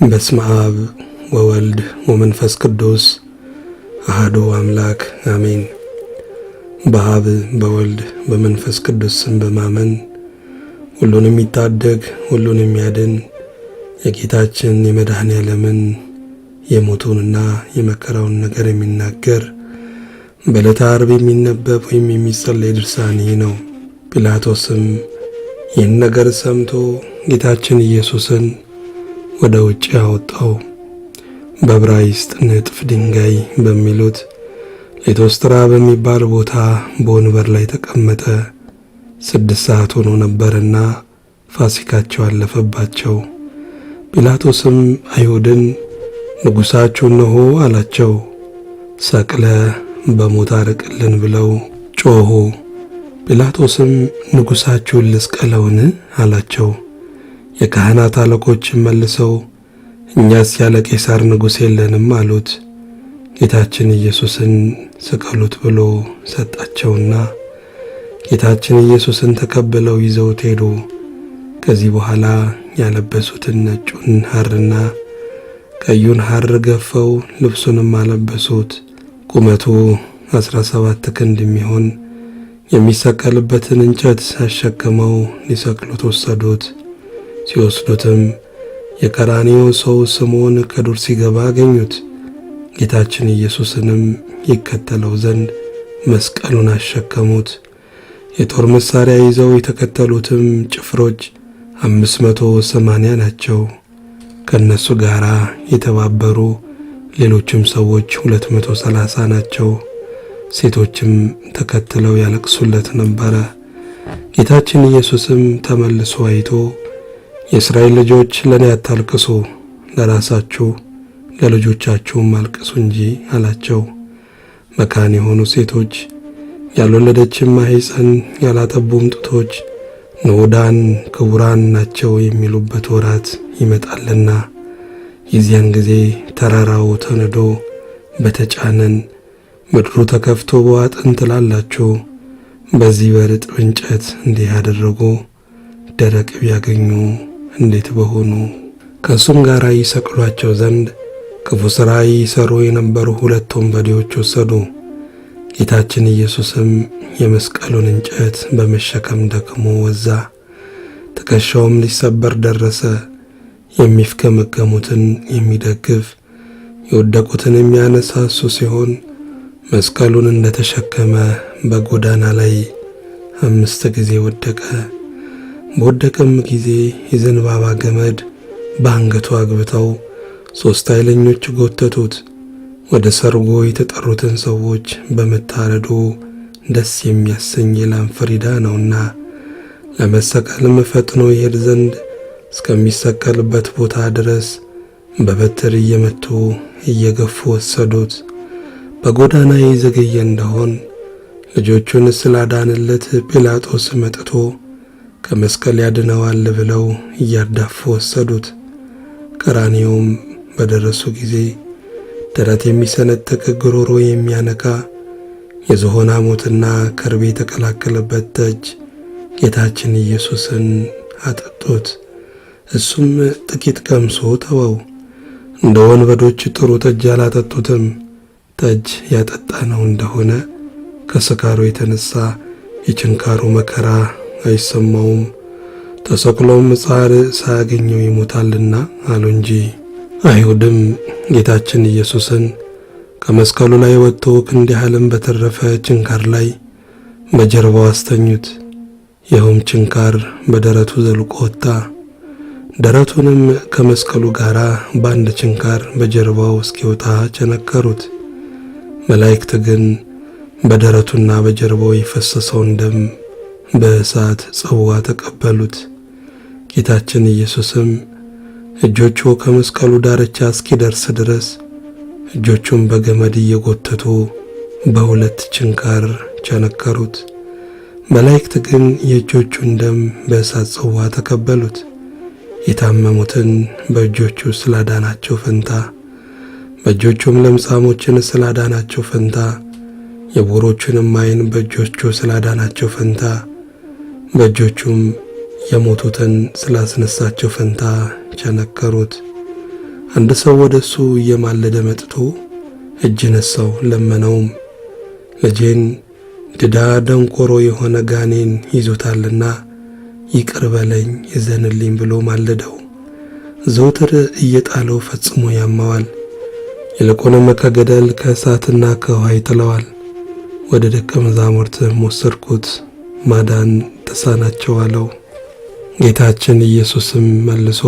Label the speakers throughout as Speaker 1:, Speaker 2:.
Speaker 1: በስመ አብ ወወልድ ወመንፈስ ቅዱስ አህዶ አምላክ አሜን። በአብ በወልድ በመንፈስ ቅዱስ ስም በማመን ሁሉን የሚታደግ ሁሉን የሚያድን የጌታችን የመድኃኔ ዓለምን የሞቱንና የመከራውን ነገር የሚናገር በዕለተ ዓርብ የሚነበብ ወይም የሚጸለይ ድርሳን ይህ ነው። ጲላጦስም ይህን ነገር ሰምቶ ጌታችን ኢየሱስን ወደ ውጭ አወጣው። በብራይስጥ ንጥፍ ድንጋይ በሚሉት ሌቶስትራ በሚባል ቦታ በወንበር ላይ ተቀመጠ። ስድስት ሰዓት ሆኖ ነበርና ፋሲካቸው አለፈባቸው። ጲላጦስም አይሁድን ንጉሳችሁ እነሆ አላቸው። ሰቅለ በሞት አርቅልን ብለው ጮኹ። ጲላጦስም ንጉሳችሁን ልስቀለውን አላቸው። የካህናት አለቆችም መልሰው እኛስ ያለ ቄሳር ንጉሥ የለንም አሉት። ጌታችን ኢየሱስን ስቀሉት ብሎ ሰጣቸውና ጌታችን ኢየሱስን ተቀብለው ይዘውት ሄዱ። ከዚህ በኋላ ያለበሱትን ነጩን ሐርና ቀዩን ሐር ገፈው ልብሱንም አለበሱት። ቁመቱ አስራ ሰባት ክንድ የሚሆን የሚሰቀልበትን እንጨት አሸክመው ሊሰቅሉት ወሰዱት። ሲወስዱትም የቀራኒዮ ሰው ስምዖን ከዱር ሲገባ አገኙት። ጌታችን ኢየሱስንም ይከተለው ዘንድ መስቀሉን አሸከሙት። የጦር መሳሪያ ይዘው የተከተሉትም ጭፍሮች አምስት መቶ ሰማንያ ናቸው። ከእነሱ ጋር የተባበሩ ሌሎችም ሰዎች ሁለት መቶ ሰላሳ ናቸው። ሴቶችም ተከትለው ያለቅሱለት ነበረ። ጌታችን ኢየሱስም ተመልሶ አይቶ የእስራኤል ልጆች ለእኔ አታልቅሱ፣ ለራሳችሁ ለልጆቻችሁም አልቅሱ እንጂ አላቸው። መካን የሆኑ ሴቶች ያልወለደችም ማኅፀን ያላጠቡም ጡቶች ንዑዳን ክቡራን ናቸው የሚሉበት ወራት ይመጣልና የዚያን ጊዜ ተራራው ተንዶ በተጫነን ምድሩ ተከፍቶ በዋጥን ትላላችሁ። በዚህ በርጥብ እንጨት እንዲህ ያደረጉ ደረቅ ቢያገኙ እንዴት በሆኑ ከእሱም ጋር ይሰቅሏቸው ዘንድ ክፉ ሥራ ይሠሩ የነበሩ ሁለት ወንበዴዎች ወሰዱ። ጌታችን ኢየሱስም የመስቀሉን እንጨት በመሸከም ደክሞ ወዛ፣ ትከሻውም ሊሰበር ደረሰ። የሚፍገመገሙትን የሚደግፍ የወደቁትን የሚያነሳ እሱ ሲሆን መስቀሉን እንደተሸከመ በጎዳና ላይ አምስት ጊዜ ወደቀ። በወደቀም ጊዜ የዘንባባ ገመድ በአንገቱ አግብተው ሦስት ኃይለኞች ጎተቱት። ወደ ሰርጎ የተጠሩትን ሰዎች በመታረዱ ደስ የሚያሰኝ የላም ፍሪዳ ነውና ለመሰቀልም ፈጥኖ ይሄድ ዘንድ እስከሚሰቀልበት ቦታ ድረስ በበትር እየመቱ እየገፉ ወሰዱት። በጎዳና የዘገየ እንደሆን ልጆቹን ስላዳንለት ጲላጦስ መጥቶ ከመስቀል ያድነዋል ብለው እያዳፉ ወሰዱት። ቀራንዮውም በደረሱ ጊዜ ደረት የሚሰነጥቅ ግሮሮ የሚያነቃ የዝሆን ሐሞትና ከርቤ የተቀላቀለበት ጠጅ ጌታችን ኢየሱስን አጠጡት። እሱም ጥቂት ቀምሶ ተወው። እንደ ወንበዶች ጥሩ ጠጅ አላጠጡትም። ጠጅ ያጠጣ ነው እንደሆነ ከስካሩ የተነሳ የችንካሩ መከራ አይሰማውም፣ ተሰቅሎም ጻር ሳያገኘው ይሞታልና አሉ እንጂ። አይሁድም ጌታችን ኢየሱስን ከመስቀሉ ላይ ወጥቶ ክንድ ዓለም በተረፈ ችንካር ላይ በጀርባው አስተኙት። ይኸውም ችንካር በደረቱ ዘልቆ ወጣ። ደረቱንም ከመስቀሉ ጋር በአንድ ችንካር በጀርባው እስኪወጣ ቸነከሩት። መላእክት ግን በደረቱና በጀርባው የፈሰሰውን ደም በእሳት ጽዋ ተቀበሉት። ጌታችን ኢየሱስም እጆቹ ከመስቀሉ ዳርቻ እስኪደርስ ድረስ እጆቹን በገመድ እየጎተቱ በሁለት ችንካር ቸነከሩት። መላእክት ግን የእጆቹን ደም በእሳት ጽዋ ተቀበሉት። የታመሙትን በእጆቹ ስላዳናቸው ፈንታ በእጆቹም ለምጻሞችን ስላዳናቸው ፈንታ የቦሮቹንም ዓይን በእጆቹ ስላዳናቸው ፈንታ በእጆቹም የሞቱትን ስላስነሳቸው ፈንታ ቸነከሩት። አንድ ሰው ወደ እሱ እየማለደ መጥቶ እጅ ነሳው፣ ለመነውም። ልጄን ድዳ ደንቆሮ የሆነ ጋኔን ይዞታልና ይቅር በለኝ ይዘንልኝ ብሎ ማለደው። ዘውትር እየጣለው ፈጽሞ ያማዋል። ይልቁንም ከገደል ከእሳትና ከውሃ ይጥለዋል። ወደ ደቀ መዛሙርትም ወሰድኩት ማዳን ተሳናቸው አለው። ጌታችን ኢየሱስም መልሶ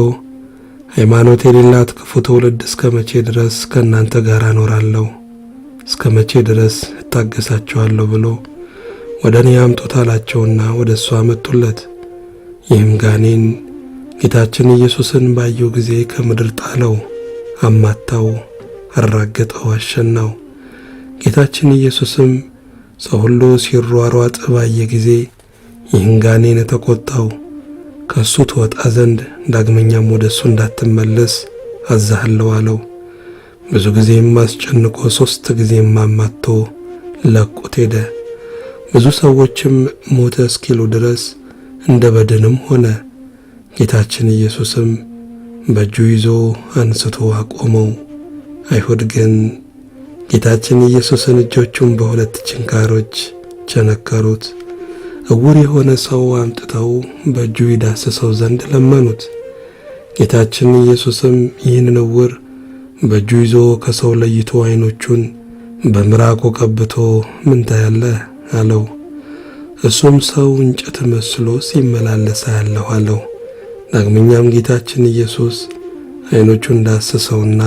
Speaker 1: ሃይማኖት የሌላት ክፉ ትውልድ እስከ መቼ ድረስ ከእናንተ ጋር እኖራለሁ? እስከ መቼ ድረስ እታገሳችኋለሁ? ብሎ ወደ እኔ አምጡት አላቸውና ወደ እሱ አመጡለት። ይህም ጋኔን ጌታችን ኢየሱስን ባየው ጊዜ ከምድር ጣለው፣ አማታው፣ አራገጠው፣ አሸናው። ጌታችን ኢየሱስም ሰው ሁሉ ሲሯሯጥ ባየ ጊዜ ይህን ጋኔን የተቆጣው ከእሱ ትወጣ ዘንድ ዳግመኛም ወደ እሱ እንዳትመለስ አዛሃለሁ አለው። ብዙ ጊዜም አስጨንቆ ሦስት ጊዜም አማቶ ለቁት ሄደ። ብዙ ሰዎችም ሞተ እስኪሉ ድረስ እንደ በድንም ሆነ። ጌታችን ኢየሱስም በእጁ ይዞ አንስቶ አቆመው። አይሁድ ግን ጌታችን ኢየሱስን እጆቹን በሁለት ችንካሮች ቸነከሩት። እውር የሆነ ሰው አምጥተው በእጁ ይዳስሰው ዘንድ ለመኑት። ጌታችን ኢየሱስም ይህንን እውር በእጁ ይዞ ከሰው ለይቶ አይኖቹን በምራቁ ቀብቶ ምን ታያለህ አለው። እሱም ሰው እንጨት መስሎ ሲመላለስ አያለሁ አለው። ዳግመኛም ጌታችን ኢየሱስ ዓይኖቹን ዳስሰውና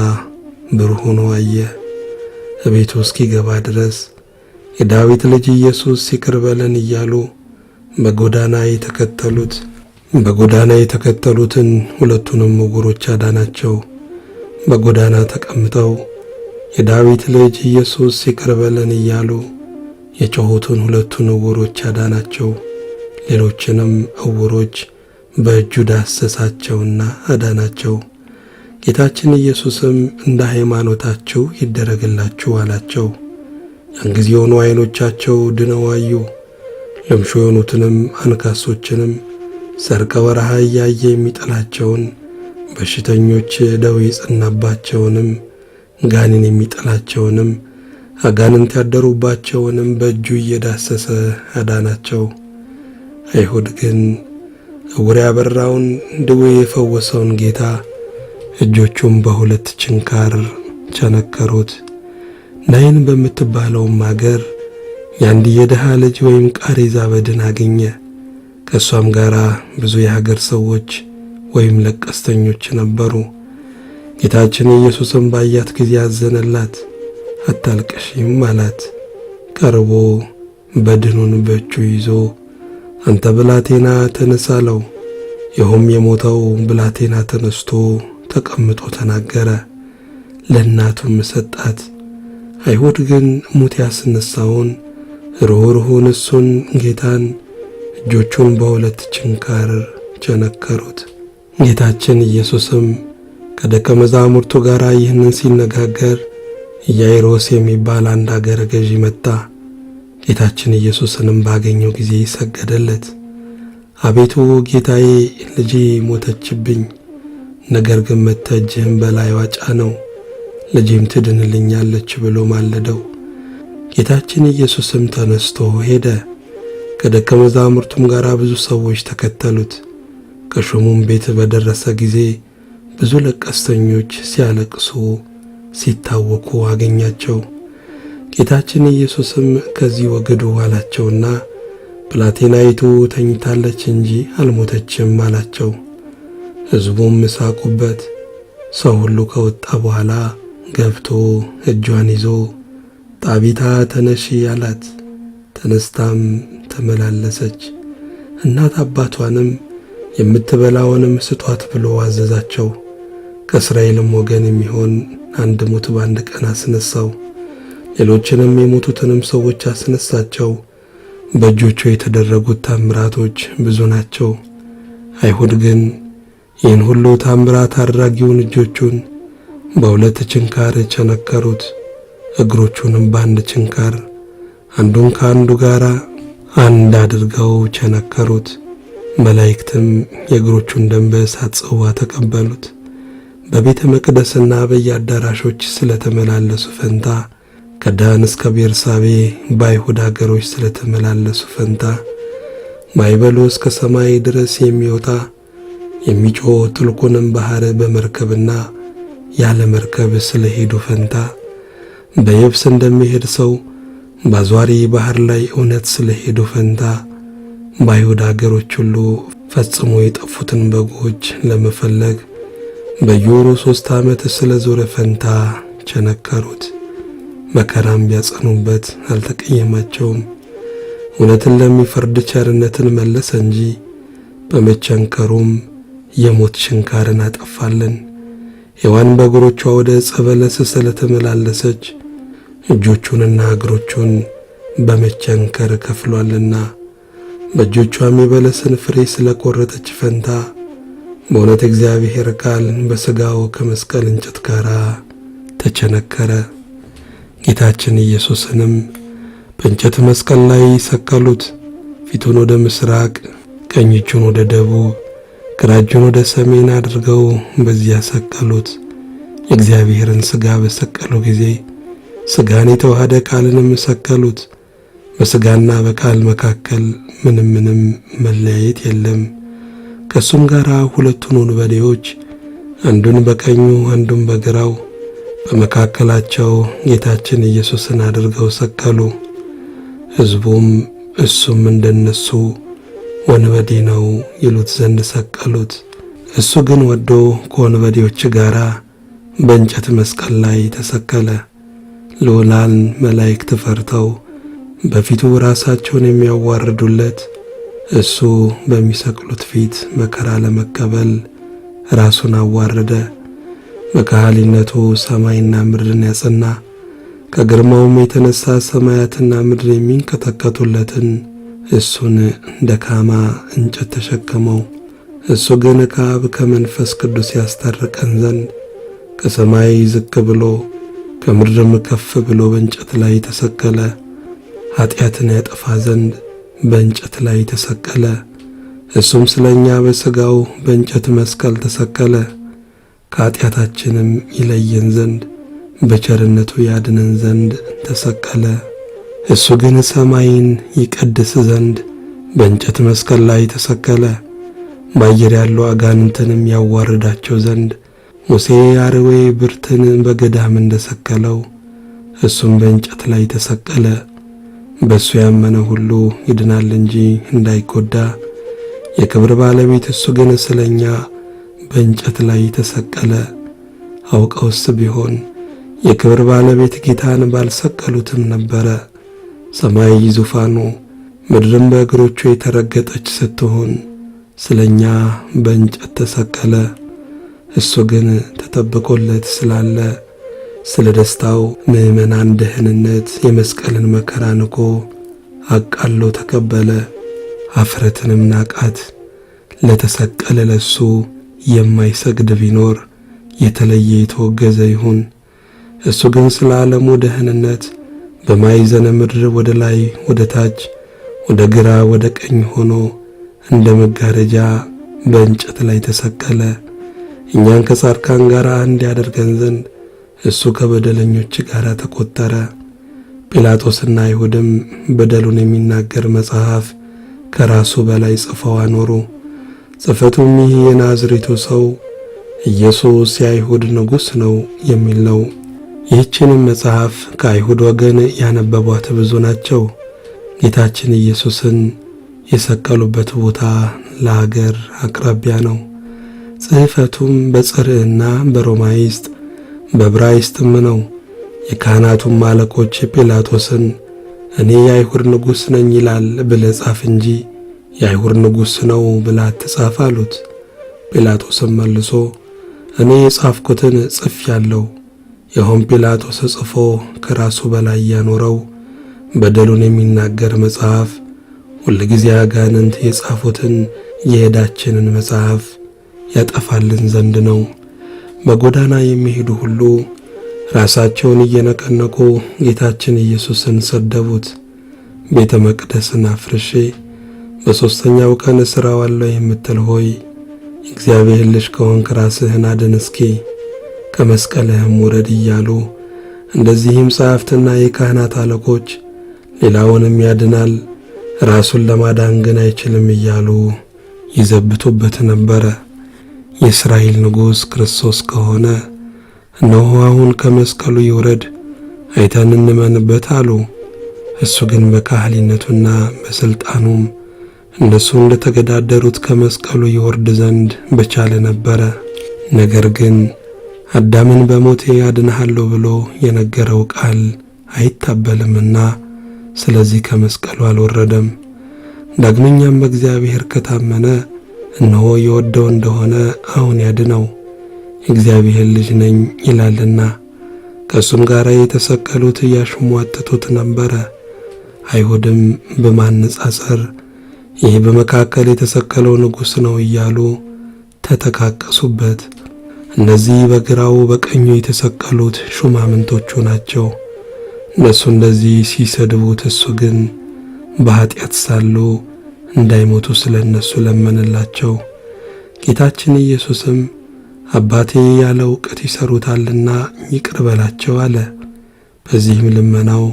Speaker 1: ብሩህ ሆኖ አየ። እቤቱ እስኪገባ ድረስ የዳዊት ልጅ ኢየሱስ ይቅር በለን እያሉ በጎዳና የተከተሉት በጎዳና የተከተሉትን ሁለቱንም ዕውሮች አዳናቸው። በጎዳና ተቀምጠው የዳዊት ልጅ ኢየሱስ ይቅር በለን እያሉ የጮኹትን ሁለቱን ዕውሮች አዳናቸው። ሌሎችንም ዕውሮች በእጁ ዳሰሳቸውና አዳናቸው። ጌታችን ኢየሱስም እንደ ሃይማኖታችሁ ይደረግላችሁ አላቸው። እንግዲህ ጊዜውኑ ዓይኖቻቸው ድነው አዩ። ልምሾ የሆኑትንም አንካሶችንም ሰርቀ ወረሃ እያየ የሚጠላቸውን በሽተኞች ደዌ የጸናባቸውንም ጋኔን የሚጠላቸውንም አጋንንት ያደሩባቸውንም በእጁ እየዳሰሰ አዳናቸው። አይሁድ ግን እውር ያበራውን ድዌ የፈወሰውን ጌታ እጆቹም በሁለት ችንካር ቸነከሩት። ናይን በምትባለውም አገር የአንድ የድሃ ልጅ ወይም ቃሬዛ በድን አገኘ። ከእሷም ጋር ብዙ የሀገር ሰዎች ወይም ለቀስተኞች ነበሩ። ጌታችን ኢየሱስም ባያት ጊዜ አዘነላት፣ አታልቀሽም አላት። ቀርቦ በድኑን በእጁ ይዞ አንተ ብላቴና ተነሳ አለው። ይኸውም የሞተው ብላቴና ተነስቶ ተቀምጦ ተናገረ። ለእናቱም ሰጣት። አይሁድ ግን ሙት ያስነሳውን ርኅሩኅን እሱን ጌታን እጆቹን በሁለት ችንካር ቸነከሩት። ጌታችን ኢየሱስም ከደቀ መዛሙርቱ ጋር ይህንን ሲነጋገር ኢያኢሮስ የሚባል አንድ አገረ ገዢ መጣ። ጌታችን ኢየሱስንም ባገኘው ጊዜ ይሰገደለት። አቤቱ ጌታዬ፣ ልጄ ሞተችብኝ፣ ነገር ግን መጥተህ እጅህን በላይዋ ጫነው፣ ልጄም ትድንልኛለች ብሎ ማለደው። ጌታችን ኢየሱስም ተነስቶ ሄደ። ከደቀ መዛሙርቱም ጋር ብዙ ሰዎች ተከተሉት። ከሹሙም ቤት በደረሰ ጊዜ ብዙ ለቀስተኞች ሲያለቅሱ ሲታወኩ አገኛቸው። ጌታችን ኢየሱስም ከዚህ ወግዱ አላቸውና ብላቴናይቱ ተኝታለች እንጂ አልሞተችም አላቸው። ሕዝቡም ሳቁበት። ሰው ሁሉ ከወጣ በኋላ ገብቶ እጇን ይዞ ጣቢታ ተነሺ አላት። ተነስታም ተመላለሰች። እናት አባቷንም የምትበላውንም ስጧት ብሎ አዘዛቸው። ከእስራኤልም ወገን የሚሆን አንድ ሙት በአንድ ቀን አስነሳው። ሌሎችንም የሞቱትንም ሰዎች አስነሳቸው። በእጆቹ የተደረጉት ታምራቶች ብዙ ናቸው። አይሁድ ግን ይህን ሁሉ ታምራት አድራጊውን እጆቹን በሁለት ችንካር ቸነከሩት። እግሮቹንም በአንድ ችንካር አንዱን ከአንዱ ጋር አንድ አድርገው ቸነከሩት። መላእክትም የእግሮቹን ደም በእሳት ጽዋ ተቀበሉት። በቤተ መቅደስና በየአዳራሾች ስለተመላለሱ ፈንታ ከዳን እስከ ቤርሳቤ በአይሁድ አገሮች ስለተመላለሱ ፈንታ ማይበሉ እስከ ሰማይ ድረስ የሚወጣ የሚጮህ ትልቁንም ባህር በመርከብና ያለ መርከብ ስለሄዱ ፈንታ በየብስ እንደሚሄድ ሰው በአዟሪ ባህር ላይ እውነት ስለ ሄዱ ፈንታ በአይሁድ አገሮች ሁሉ ፈጽሞ የጠፉትን በጎች ለመፈለግ በየወሩ ሦስት ዓመት ስለ ዞረ ፈንታ ቸነከሩት። መከራም ቢያጸኑበት አልተቀየማቸውም። እውነትን ለሚፈርድ ቸርነትን መለሰ እንጂ በመቸንከሩም የሞት ሽንካርን አጠፋለን። ሔዋን በእግሮቿ ወደ ዕፀ በለስ ስለተመላለሰች እጆቹንና እግሮቹን በመቸንከር ከፍሏልና በእጆቿም የበለስን ፍሬ ስለቆረጠች ፈንታ በእውነት እግዚአብሔር ቃል በሥጋው ከመስቀል እንጨት ጋር ተቸነከረ። ጌታችን ኢየሱስንም በእንጨት መስቀል ላይ ሰቀሉት። ፊቱን ወደ ምስራቅ፣ ቀኝ እጁን ወደ ደቡብ ግራጁን ወደ ሰሜን አድርገው በዚያ ሰቀሉት። የእግዚአብሔርን ሥጋ በሰቀሉ ጊዜ ሥጋን የተዋሃደ ቃልንም ሰቀሉት። በሥጋና በቃል መካከል ምንም ምንም መለያየት የለም። ከእሱም ጋር ሁለቱን ወንበዴዎች አንዱን በቀኙ አንዱን በግራው በመካከላቸው ጌታችን ኢየሱስን አድርገው ሰቀሉ። ሕዝቡም እሱም እንደነሱ ወንበዴ ነው ይሉት ዘንድ ሰቀሉት። እሱ ግን ወዶ ከወንበዴዎች ጋር በእንጨት መስቀል ላይ ተሰቀለ። ልዑላን መላእክት ፈርተው በፊቱ ራሳቸውን የሚያዋርዱለት እሱ በሚሰቅሉት ፊት መከራ ለመቀበል ራሱን አዋረደ። በካህሊነቱ ሰማይና ምድርን ያጸና ከግርማውም የተነሳ ሰማያትና ምድር የሚንቀጠቀጡለትን እሱን ደካማ እንጨት ተሸከመው። እሱ ግን ከአብ ከመንፈስ ቅዱስ ያስታርቀን ዘንድ ከሰማይ ዝቅ ብሎ ከምድርም ከፍ ብሎ በእንጨት ላይ ተሰቀለ። ኀጢአትን ያጠፋ ዘንድ በእንጨት ላይ ተሰቀለ። እሱም ስለኛ በሥጋው በእንጨት መስቀል ተሰቀለ። ከኀጢአታችንም ይለየን ዘንድ በቸርነቱ ያድነን ዘንድ ተሰቀለ። እሱ ግን ሰማይን ይቀድስ ዘንድ በእንጨት መስቀል ላይ ተሰቀለ፣ በአየር ያሉ አጋንንትንም ያዋርዳቸው ዘንድ። ሙሴ አርዌ ብርትን በገዳም እንደሰቀለው እሱም በእንጨት ላይ ተሰቀለ። በእሱ ያመነ ሁሉ ይድናል እንጂ እንዳይጎዳ። የክብር ባለቤት እሱ ግን ስለኛ በእንጨት ላይ ተሰቀለ። አውቀውስ ቢሆን የክብር ባለቤት ጌታን ባልሰቀሉትም ነበረ። ሰማይ ዙፋኑ ምድርም በእግሮቹ የተረገጠች ስትሆን ስለ እኛ በእንጨት ተሰቀለ። እሱ ግን ተጠብቆለት ስላለ ስለ ደስታው ምዕመናን ደህንነት የመስቀልን መከራ ንቆ አቃሎ ተቀበለ። አፍረትንም ናቃት። ለተሰቀለ ለሱ የማይሰግድ ቢኖር የተለየ የተወገዘ ይሁን። እሱ ግን ስለ ዓለሙ ደህንነት በማዕዘነ ምድር ወደ ላይ ወደ ታች ወደ ግራ ወደ ቀኝ ሆኖ እንደ መጋረጃ በእንጨት ላይ ተሰቀለ። እኛን ከጻድቃን ጋር አንድ ያደርገን ዘንድ እሱ ከበደለኞች ጋር ተቆጠረ። ጲላጦስና አይሁድም በደሉን የሚናገር መጽሐፍ ከራሱ በላይ ጽፈው አኖሩ። ጽፈቱም ይህ የናዝሬቱ ሰው ኢየሱስ የአይሁድ ንጉሥ ነው የሚል ነው። ይህችንም መጽሐፍ ከአይሁድ ወገን ያነበቧት ብዙ ናቸው። ጌታችን ኢየሱስን የሰቀሉበት ቦታ ለአገር አቅራቢያ ነው። ጽሕፈቱም በጽርዕና በሮማይስጥ በብራይስጥም ነው። የካህናቱም አለቆች ጲላጦስን እኔ የአይሁድ ንጉሥ ነኝ ይላል ብለ ጻፍ እንጂ የአይሁድ ንጉሥ ነው ብላ አትጻፍ አሉት። ጲላጦስም መልሶ እኔ የጻፍኩትን ጽፍ ያለው ይኸውም ጲላጦስ ጽፎ ከራሱ በላይ ያኖረው በደሉን የሚናገር መጽሐፍ፣ ሁልጊዜ አጋንንት የጻፉትን የሄዳችንን መጽሐፍ ያጠፋልን ዘንድ ነው። በጎዳና የሚሄዱ ሁሉ ራሳቸውን እየነቀነቁ ጌታችን ኢየሱስን ሰደቡት። ቤተ መቅደስን አፍርሼ በሦስተኛው ቀን ሥራ የምትል ሆይ እግዚአብሔር ልጅ ከሆንክ ራስህን አድን ከመስቀልህም ውረድ እያሉ እንደዚህም ጸሐፍትና የካህናት አለቆች ሌላውንም ያድናል ራሱን ለማዳን ግን አይችልም እያሉ ይዘብቱበት ነበረ። የእስራኤል ንጉሥ ክርስቶስ ከሆነ እነሆ አሁን ከመስቀሉ ይውረድ፣ አይተን እንመንበት አሉ። እሱ ግን በካህሊነቱና በሥልጣኑም እነሱ እንደተገዳደሩት ከመስቀሉ ይወርድ ዘንድ በቻለ ነበረ። ነገር ግን አዳምን በሞቴ አድንሃለሁ ብሎ የነገረው ቃል አይታበልምና ስለዚህ ከመስቀሉ አልወረደም። ዳግመኛም በእግዚአብሔር ከታመነ እነሆ የወደው እንደሆነ አሁን ያድነው እግዚአብሔር ልጅ ነኝ ይላልና። ከእሱም ጋር የተሰቀሉት እያሽሟጥቱት ነበረ። አይሁድም በማነጻጸር ይህ በመካከል የተሰቀለው ንጉሥ ነው እያሉ ተተካቀሱበት። እነዚህ በግራው በቀኙ የተሰቀሉት ሹማምንቶቹ ናቸው። እነሱ እንደዚህ ሲሰድቡት፣ እሱ ግን በኀጢአት ሳሉ እንዳይሞቱ ስለ እነሱ ለመንላቸው። ጌታችን ኢየሱስም አባቴ ያለ እውቀት ይሠሩታልና ይቅር በላቸው አለ። በዚህም ልመናው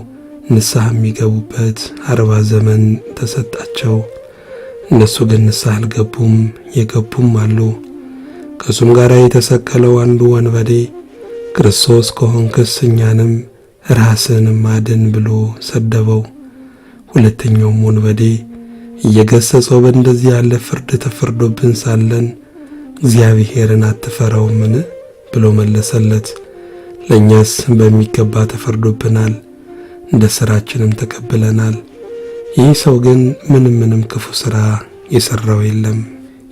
Speaker 1: ንስሐ የሚገቡበት አርባ ዘመን ተሰጣቸው። እነሱ ግን ንስሐ አልገቡም፣ የገቡም አሉ። ከእሱም ጋር የተሰቀለው አንዱ ወንበዴ ክርስቶስ ከሆንክስ እኛንም ራስንም አድን ብሎ ሰደበው። ሁለተኛውም ወንበዴ እየገሰጸው በእንደዚህ ያለ ፍርድ ተፈርዶብን ሳለን እግዚአብሔርን አትፈራውምን ብሎ መለሰለት። ለእኛስ በሚገባ ተፈርዶብናል፣ እንደ ሥራችንም ተቀብለናል። ይህ ሰው ግን ምንም ምንም ክፉ ሥራ የሠራው የለም።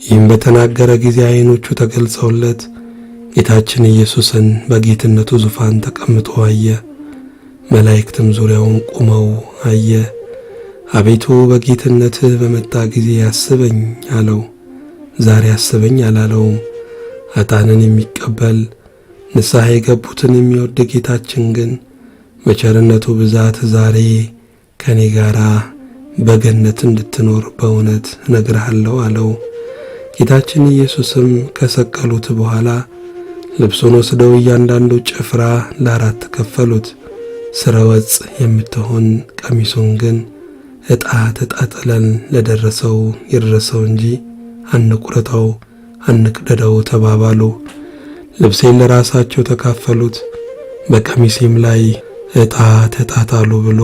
Speaker 1: ይህም በተናገረ ጊዜ ዓይኖቹ ተገልጸውለት ጌታችን ኢየሱስን በጌትነቱ ዙፋን ተቀምጦ አየ። መላእክትም ዙሪያውን ቁመው አየ። አቤቱ በጌትነትህ በመጣ ጊዜ አስበኝ አለው። ዛሬ አስበኝ አላለውም። አጣንን የሚቀበል ንስሐ የገቡትን የሚወድ ጌታችን ግን በቸርነቱ ብዛት ዛሬ ከኔ ጋር በገነት እንድትኖር በእውነት እነግርሃለሁ አለው። ጌታችን ኢየሱስም ከሰቀሉት በኋላ ልብሱን ወስደው እያንዳንዱ ጭፍራ ለአራት ከፈሉት። ስረወጽ የምትሆን ቀሚሱን ግን ዕጣ ተጣጥለን ለደረሰው ይድረሰው እንጂ አንቁረጠው፣ አንቅደደው ተባባሉ። ልብሴን ለራሳቸው ተካፈሉት፣ በቀሚሴም ላይ ዕጣ ተጣጣሉ ብሎ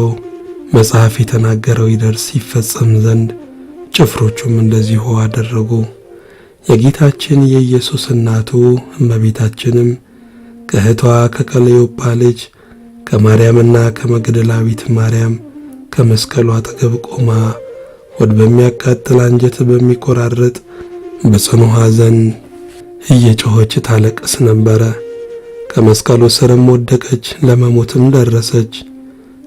Speaker 1: መጽሐፍ የተናገረው ይደርስ ይፈጸም ዘንድ ጭፍሮቹም እንደዚሁ አደረጉ። የጌታችን የኢየሱስ እናቱ እመቤታችንም ከእህቷ ከቀለዮጳ ልጅ ከማርያምና ከመግደላዊት ማርያም ከመስቀሉ አጠገብ ቆማ ሆድ በሚያቃጥል አንጀት በሚቆራረጥ በጽኑ ሐዘን እየጮኸች ታለቅስ ነበረ። ከመስቀሉ ስርም ወደቀች፣ ለመሞትም ደረሰች።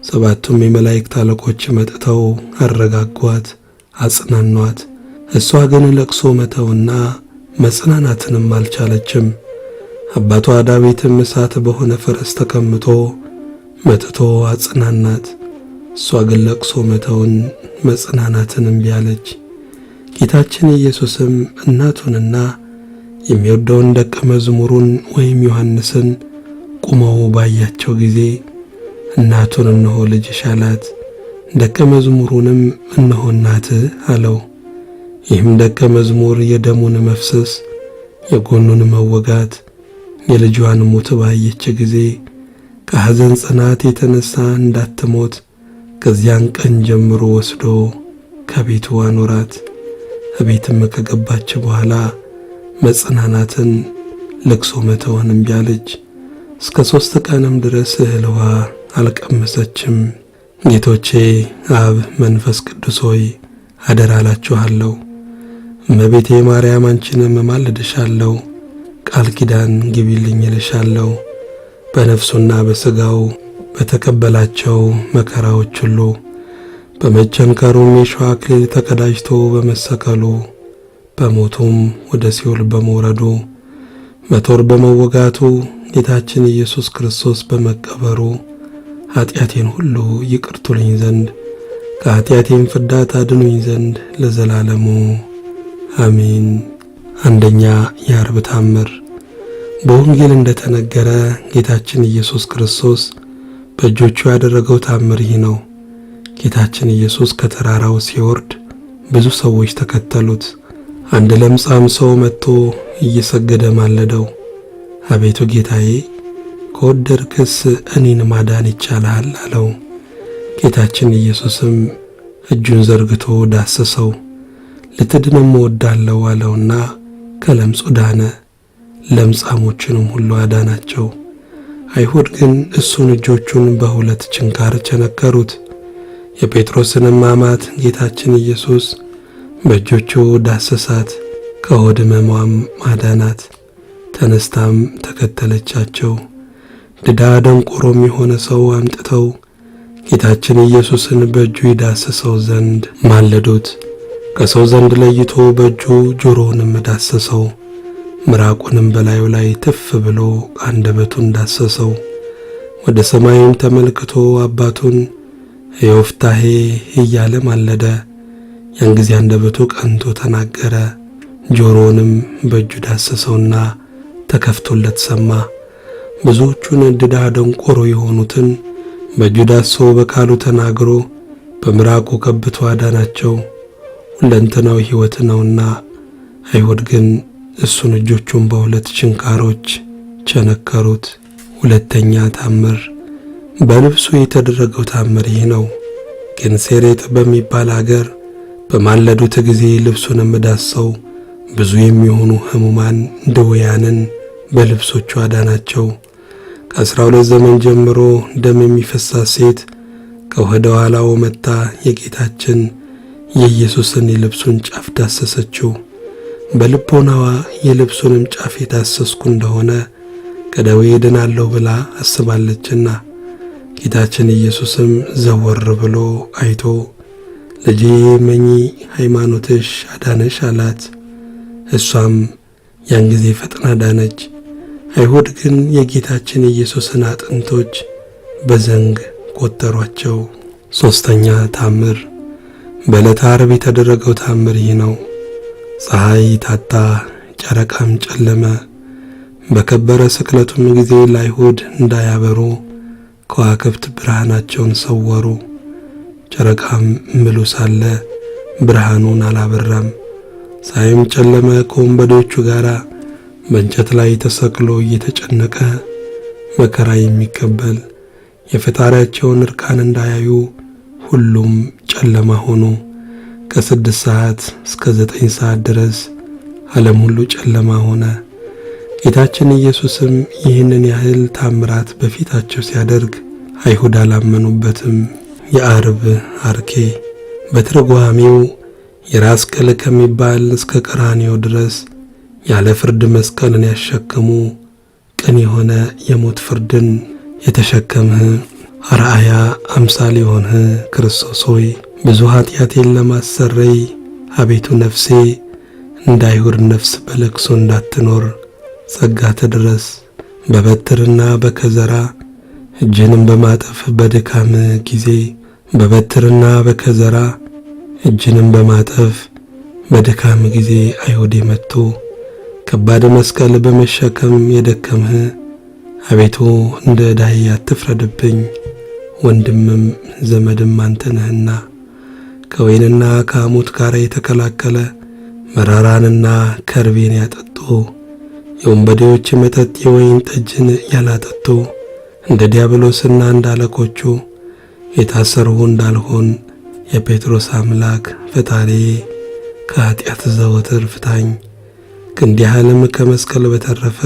Speaker 1: ሰባቱም የመላእክት አለቆች መጥተው አረጋጓት፣ አጽናኗት። እሷ ግን ለቅሶ መተውና መጽናናትንም አልቻለችም። አባቷ ዳዊትም እሳት በሆነ ፈረስ ተቀምጦ መጥቶ አጽናናት። እሷ ግን ለቅሶ መተውን መጽናናትንም ያለች። ጌታችን ኢየሱስም እናቱንና የሚወደውን ደቀ መዝሙሩን ወይም ዮሐንስን ቁመው ባያቸው ጊዜ እናቱን እነሆ ልጅሽ አላት፣ ደቀ መዝሙሩንም እነሆ እናትህ አለው። ይህም ደቀ መዝሙር የደሙን መፍሰስ የጎኑን መወጋት የልጇን ሞት ባየች ጊዜ ከሐዘን ጽናት የተነሳ እንዳትሞት ከዚያን ቀን ጀምሮ ወስዶ ከቤቱ አኖራት። ከቤትም ከገባች በኋላ መጽናናትን ልቅሶ መተውን እምቢ አለች። እስከ ሦስት ቀንም ድረስ እህል ውሃ አልቀመሰችም። ጌቶቼ አብ መንፈስ ቅዱስ ሆይ አደራ እመቤቴ ማርያም አንቺንም እማልድሻለሁ፣ ቃል ኪዳን ግቢልኝ እልሻለሁ። በነፍሱና በሥጋው በተቀበላቸው መከራዎች ሁሉ በመቸንከሩም የሸዋ አክሊል ተቀዳጅቶ በመሰቀሉ በሞቱም ወደ ሲኦል በመውረዱ መቶር በመወጋቱ ጌታችን ኢየሱስ ክርስቶስ በመቀበሩ ኀጢአቴን ሁሉ ይቅርቱልኝ ዘንድ ከኀጢአቴን ፍዳት አድኑኝ ዘንድ ለዘላለሙ አሜን። አንደኛ የአርብ ታምር በወንጌል እንደተነገረ ጌታችን ኢየሱስ ክርስቶስ በእጆቹ ያደረገው ታምር ይህ ነው። ጌታችን ኢየሱስ ከተራራው ሲወርድ ብዙ ሰዎች ተከተሉት። አንድ ለምጻም ሰው መጥቶ እየሰገደ ማለደው፣ አቤቱ ጌታዬ ከወደድክስ እኔን ማዳን ይቻልሃል አለው። ጌታችን ኢየሱስም እጁን ዘርግቶ ዳሰሰው። ልትድንም እወዳለሁ አለውና ከለምጹ ዳነ። ለምጻሞችንም ሁሉ አዳናቸው። አይሁድ ግን እሱን እጆቹን በሁለት ችንካር ቸነከሩት። የጴጥሮስንም አማት ጌታችን ኢየሱስ በእጆቹ ዳሰሳት፣ ከሆድ ሕመሟም አዳናት። ተነስታም ተከተለቻቸው። ድዳ ደንቆሮም የሆነ ሰው አምጥተው ጌታችን ኢየሱስን በእጁ ይዳሰሰው ዘንድ ማለዱት። ከሰው ዘንድ ለይቶ በእጁ ጆሮውንም ዳሰሰው፣ ምራቁንም በላዩ ላይ ትፍ ብሎ አንደበቱን ዳሰሰው። ወደ ሰማይም ተመልክቶ አባቱን ዮፍታሔ እያለ ማለደ። ያን ጊዜ አንደበቱ ቀንቶ ተናገረ። ጆሮውንም በእጁ ዳሰሰውና ተከፍቶለት ሰማ። ብዙዎቹን ድዳ ደንቆሮ የሆኑትን በእጁ ዳሶ በቃሉ ተናግሮ በምራቁ ከብቶ አዳናቸው። ሁለንተናዊ ሕይወት ነውና፣ አይሁድ ግን እሱን እጆቹን በሁለት ችንካሮች ቸነከሩት። ሁለተኛ ታምር በልብሱ የተደረገው ታምር ይህ ነው። ጌንሴሬጥ በሚባል አገር በማለዱት ጊዜ ልብሱንም ዳሰው ብዙ የሚሆኑ ሕሙማን ድውያንን በልብሶቹ አዳናቸው። ከአስራ ሁለት ዘመን ጀምሮ ደም የሚፈሳት ሴት ከወደ ኋላው መጥታ የጌታችን የኢየሱስን የልብሱን ጫፍ ዳሰሰችው። በልቦናዋ የልብሱንም ጫፍ የዳሰስኩ እንደሆነ ከደዌ እድናለሁ ብላ አስባለችና ጌታችን ኢየሱስም ዘወር ብሎ አይቶ ልጄ መኚ ሃይማኖትሽ አዳነሽ አላት። እሷም ያን ጊዜ ፈጥና ዳነች። አይሁድ ግን የጌታችን ኢየሱስን አጥንቶች በዘንግ ቆጠሯቸው። ሦስተኛ ታምር በዕለተ ዓርብ የተደረገው ታምር ይህ ነው። ፀሐይ ታጣ፣ ጨረቃም ጨለመ። በከበረ ስቅለቱም ጊዜ ለአይሁድ እንዳያበሩ ከዋክብት ብርሃናቸውን ሰወሩ። ጨረቃም ምሉ ሳለ ብርሃኑን አላበራም። ፀሐይም ጨለመ። ከወንበዶቹ ጋር በእንጨት ላይ ተሰቅሎ እየተጨነቀ መከራ የሚቀበል የፈጣሪያቸውን እርቃን እንዳያዩ ሁሉም ጨለማ ሆኖ ከስድስት ሰዓት እስከ ዘጠኝ ሰዓት ድረስ ዓለም ሁሉ ጨለማ ሆነ። ጌታችን ኢየሱስም ይህንን ያህል ታምራት በፊታቸው ሲያደርግ አይሁድ አላመኑበትም። የአርብ አርኬ በትርጓሜው የራስ ቅል ከሚባል እስከ ቀራኒዮ ድረስ ያለ ፍርድ መስቀልን ያሸከሙ ቅን የሆነ የሞት ፍርድን የተሸከምህ አርአያ አምሳል የሆንህ ክርስቶስ ሆይ ብዙ ኃጢአቴን ለማሰረይ አቤቱ ነፍሴ እንደ ነፍስ በለቅሶ እንዳትኖር ጸጋ ተድረስ። በበትርና በከዘራ እጅንም በማጠፍ በድካም ጊዜ በበትርና በከዘራ እጅንም በማጠፍ በድካም ጊዜ አይሁድ መጥቶ ከባድ መስቀል በመሸከም የደከምህ አቤቱ እንደ ዕዳዬ አትፍረድብኝ። ወንድምም ዘመድም አንተ ነህና ከወይንና ከሐሞት ጋር የተቀላቀለ መራራንና ከርቤን ያጠጡ የወንበዴዎች መጠጥ የወይን ጠጅን ያላጠጡ እንደ ዲያብሎስና እንደ አለቆቹ የታሰርሁ እንዳልሆን የጴጥሮስ አምላክ ፈጣሪ ከኀጢአት ዘወትር ፍታኝ። ዓለም ከመስቀል በተረፈ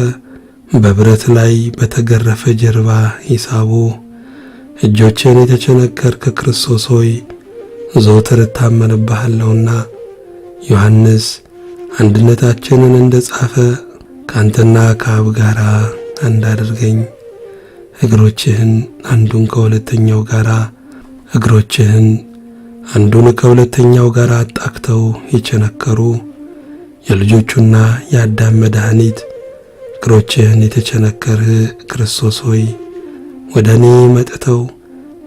Speaker 1: በብረት ላይ በተገረፈ ጀርባ ይሳቡ። እጆችን የተቸነከርክ ክርስቶስ ሆይ ዘውትር እታመንብሃለሁና ዮሐንስ አንድነታችንን እንደ ጻፈ ከአንተና ከአብ ጋር አድርገኝ እግሮችህን አንዱን ከሁለተኛው ጋር እግሮችህን አንዱን ከሁለተኛው ጋር አጣክተው የቸነከሩ የልጆቹና የአዳም መድኃኒት እግሮችህን የተቸነከርህ ክርስቶስ ሆይ ወደ እኔ መጥተው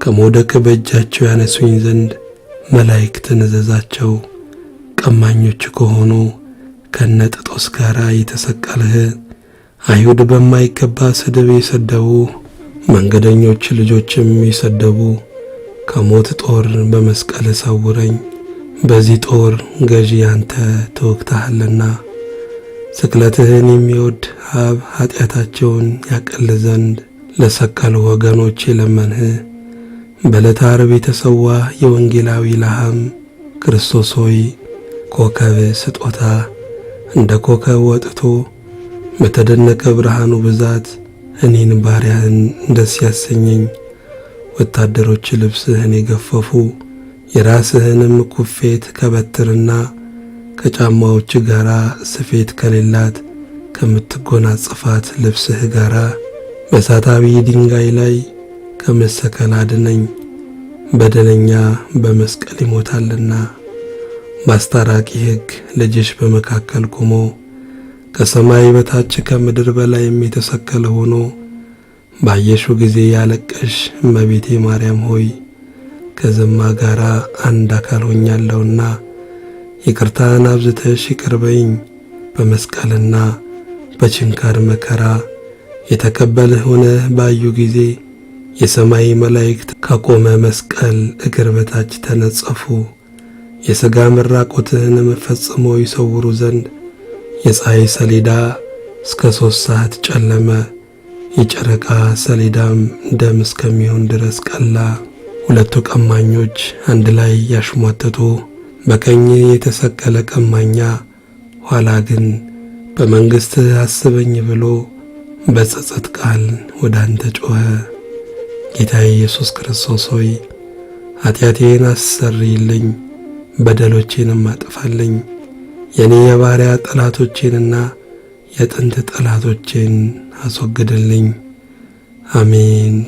Speaker 1: ከመውደቅ በእጃቸው ያነሱኝ ዘንድ መላእክትን እዘዛቸው። ቀማኞች ከሆኑ ከነጥጦስ ጋር የተሰቀልህ አይሁድ በማይገባ ስድብ የሰደቡ መንገደኞች ልጆችም የሰደቡ ከሞት ጦር በመስቀል ሰውረኝ፣ በዚህ ጦር ገዢ አንተ ተወግተሃልና። ስቅለትህን የሚወድ አብ ኃጢአታቸውን ያቀል ዘንድ ለሰቀሉ ወገኖች የለመንህ በዕለተ ዓርብ የተሰዋ የወንጌላዊ ላህም ክርስቶስ ሆይ ኮከብ ስጦታ እንደ ኮከብ ወጥቶ በተደነቀ ብርሃኑ ብዛት እኔን ባሪያህን ደስ ያሰኘኝ ወታደሮች ልብስህን የገፈፉ የራስህንም ኩፌት ከበትርና ከጫማዎች ጋር ስፌት ከሌላት ከምትጎናጽፋት ልብስህ ጋር በእሳታዊ ድንጋይ ላይ ከመሰቀል አድነኝ፣ በደለኛ በመስቀል ይሞታልና። በአስታራቂ ሕግ ልጅሽ በመካከል ቆሞ ከሰማይ በታች ከምድር በላይም የተሰቀለ ሆኖ ባየሹ ጊዜ ያለቀሽ እመቤቴ ማርያም ሆይ ከዘማ ጋር አንድ አካል ሆኛለሁና ይቅርታን አብዝተሽ ይቅርበኝ በመስቀልና በችንካር መከራ የተቀበልህ ሆነ ባዩ ጊዜ የሰማይ መላእክት ከቆመ መስቀል እግር በታች ተነጸፉ። የሥጋ መራቆትህንም ፈጽሞ ይሰውሩ ዘንድ የፀሐይ ሰሌዳ እስከ ሦስት ሰዓት ጨለመ። የጨረቃ ሰሌዳም ደም እስከሚሆን ድረስ ቀላ። ሁለቱ ቀማኞች አንድ ላይ ያሽሟተቱ፣ በቀኝ የተሰቀለ ቀማኛ ኋላ ግን በመንግሥትህ አስበኝ ብሎ በጸጸት ቃል ወደ አንተ ጮኸ። ጌታዬ ኢየሱስ ክርስቶስ ሆይ ኃጢአቴን አሰርይልኝ፣ በደሎቼንም አጥፋልኝ፣ የእኔ የባሪያ ጠላቶቼንና የጥንት ጠላቶቼን አስወግድልኝ። አሜን።